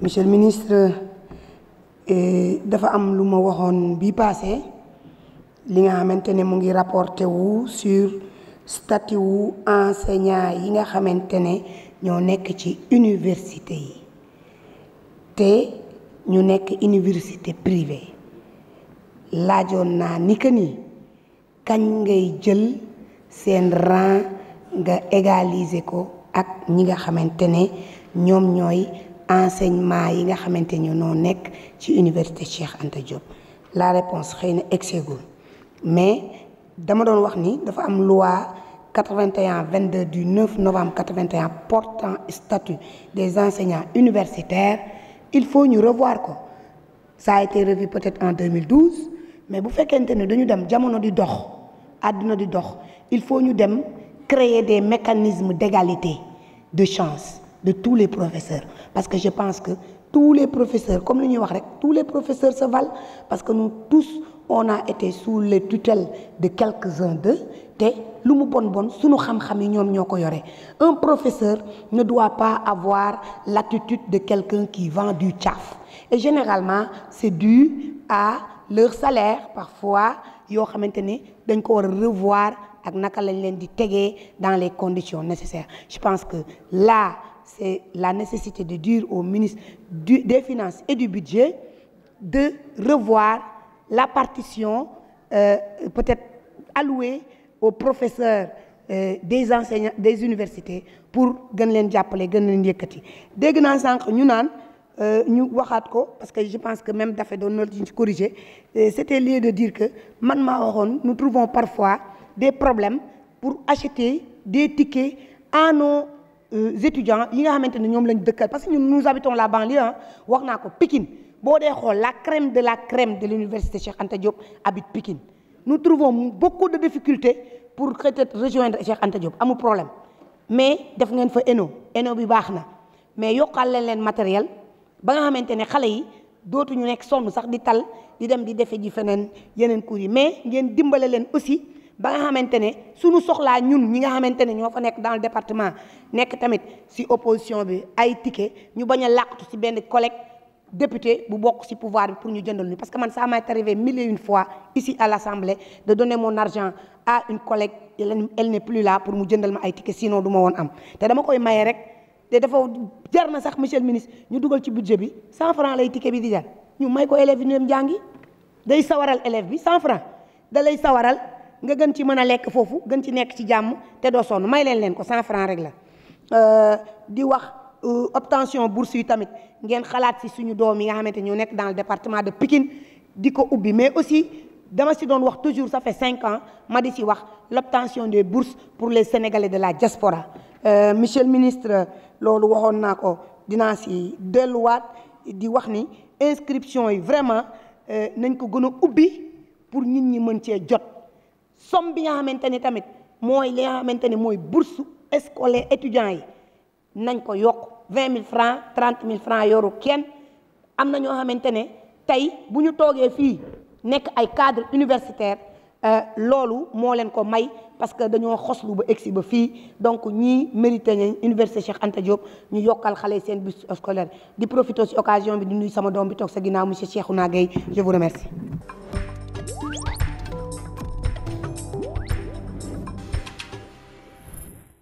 monsieur le ministre eh, dafa am lu ma waxoon bi paase li nga xamante ne mu ngi rapporté wu sur statut wu enseignant yi nga xamante ne ñoo nekk ci université yi te ñu nekk université privée laajoon naa ni que ni kañ ngay jël seen rang nga égaliser ko ak ñi nga xamante ne ñoom ñooy enseignement yi nga xamante ne noo nekk ci université Cheikh Anta Diop. la réponse xëy na exegul mais dama doon wax ni dafa am loi 81 22 du 9 novembre 81 portant statut des enseignants universitaires il faut ñu revoir ko ça a été revu peut-être en 2012 mais bu fekkente ne dañu dem jamono di dox àdduna di dox. il faut ñu dem créer des mécanismes d'égalité de chance de tous les professeurs parce que je pense que tous les professeurs comme li ñuy wax rek tous les professeurs se vale parce que nous tous on a été sous les tutelles de quelques-uns d'eux te lu mu bon bon suñu xam-xam yi ñoom ñoo ko yore un professeur ne doit pas avoir l'attitude de quelqu'un qui vend du tchaff et généralement c'est dû à leur salaire parfois yoo xamante ni dañ ko war revoir ak naka lañ leen di tegee dans les conditions nécessaires je pense que là c'est la nécessité de dire au ministre du des finances et du budget de revoir la partition euh, peut-être allouée aux professeurs euh, des enseignants des universités pour gën leen jàppale gën leen yëkkati dégg naa sànq ñu naan euh, ñu waxaat ko parce que je pense que même dafa doon na ci corriger euh, c'était lieu de dire que man maa waxoon nous trouvons parfois des problème pour acheter des tickets à nos euh, étudiants yi nga xamante ne ñoom lañ dëkkal parce que ñun nous habitons la banlieue wax naa ko Pikine boo dee xool la crème de la crème de l'université Cheikh Anta Diop habite Pikine nous trouvons beaucoup de difficultés pour peut-être rejoindre Cheikh Anta Diop amul problème mais def ngeen fa ENO ENO bi baax na mais yokkal leen leen matériel ba nga xamante ne xale yi dootuñu nekk sonn sax di tal di dem di defe ji feneen yeneen cours yi mais ngeen dimbale leen aussi ba nga xamante ne suñu soxlaa ñun ñi nga xamante ne ñoo fa nekk dans le département nekk tamit si opposition bi ay ticket ñu bañ a làqatu ci benn collègue député bu bokk si pouvoir bi pour ñu jëndal ñu parce que man ça m'est arrivé mille et une fois ici à l'Assemblée de donner mon argent à une collègue elle n'est plus là pour mu jëndal ma ay ticket sinon du ma woon am te dama koy maye rek te dafa jar na sax monsieur ministre ñu dugal ci budget bi cent lay ticket bi di jar ñu may ko élève day sawaral élève bi cent francs sawaral nga gën ci mën a lekk foofu gën ci nekk ci jàmm te doo sonn may leen leen ko cent franc rek la euh, di wax euh, obtention bourse yi tamit ngeen xalaat ci suñu doom yi nga xamante ñoo nekk dans le de Pikine di ko ubbi mais aussi dama si doon wax toujours ça fait cinq ans ma di si wax l'obtention des bourses pour les Sénégalais de la diaspora euh, monsieur le ministre loolu waxoon naa ko dinaa si delluwaat di wax ni inscription yi vraiment euh, nañ ko gën a ubbi pour nit ñi mën cee jot somme bi nga xamante ne tamit mooy li xamante ne mooy bourse scolaire étudiants yi nañ ko yokk vingt mille francs trente mille francs yoru kenn am na ñoo xamante ne tey bu ñu toogee fii nekk ay cadre universitaire euh, loolu moo leen ko may parce que dañoo xoslu ba egsi ba fii donc ñii mérité nañ université Cheikh Anta Diop ñu yokkal xale seen bus scolaire di profité ci occasion bi di nuyu sama doom bi toog sa ginnaaw monsieur Cheikhouna Gueye je vous remercie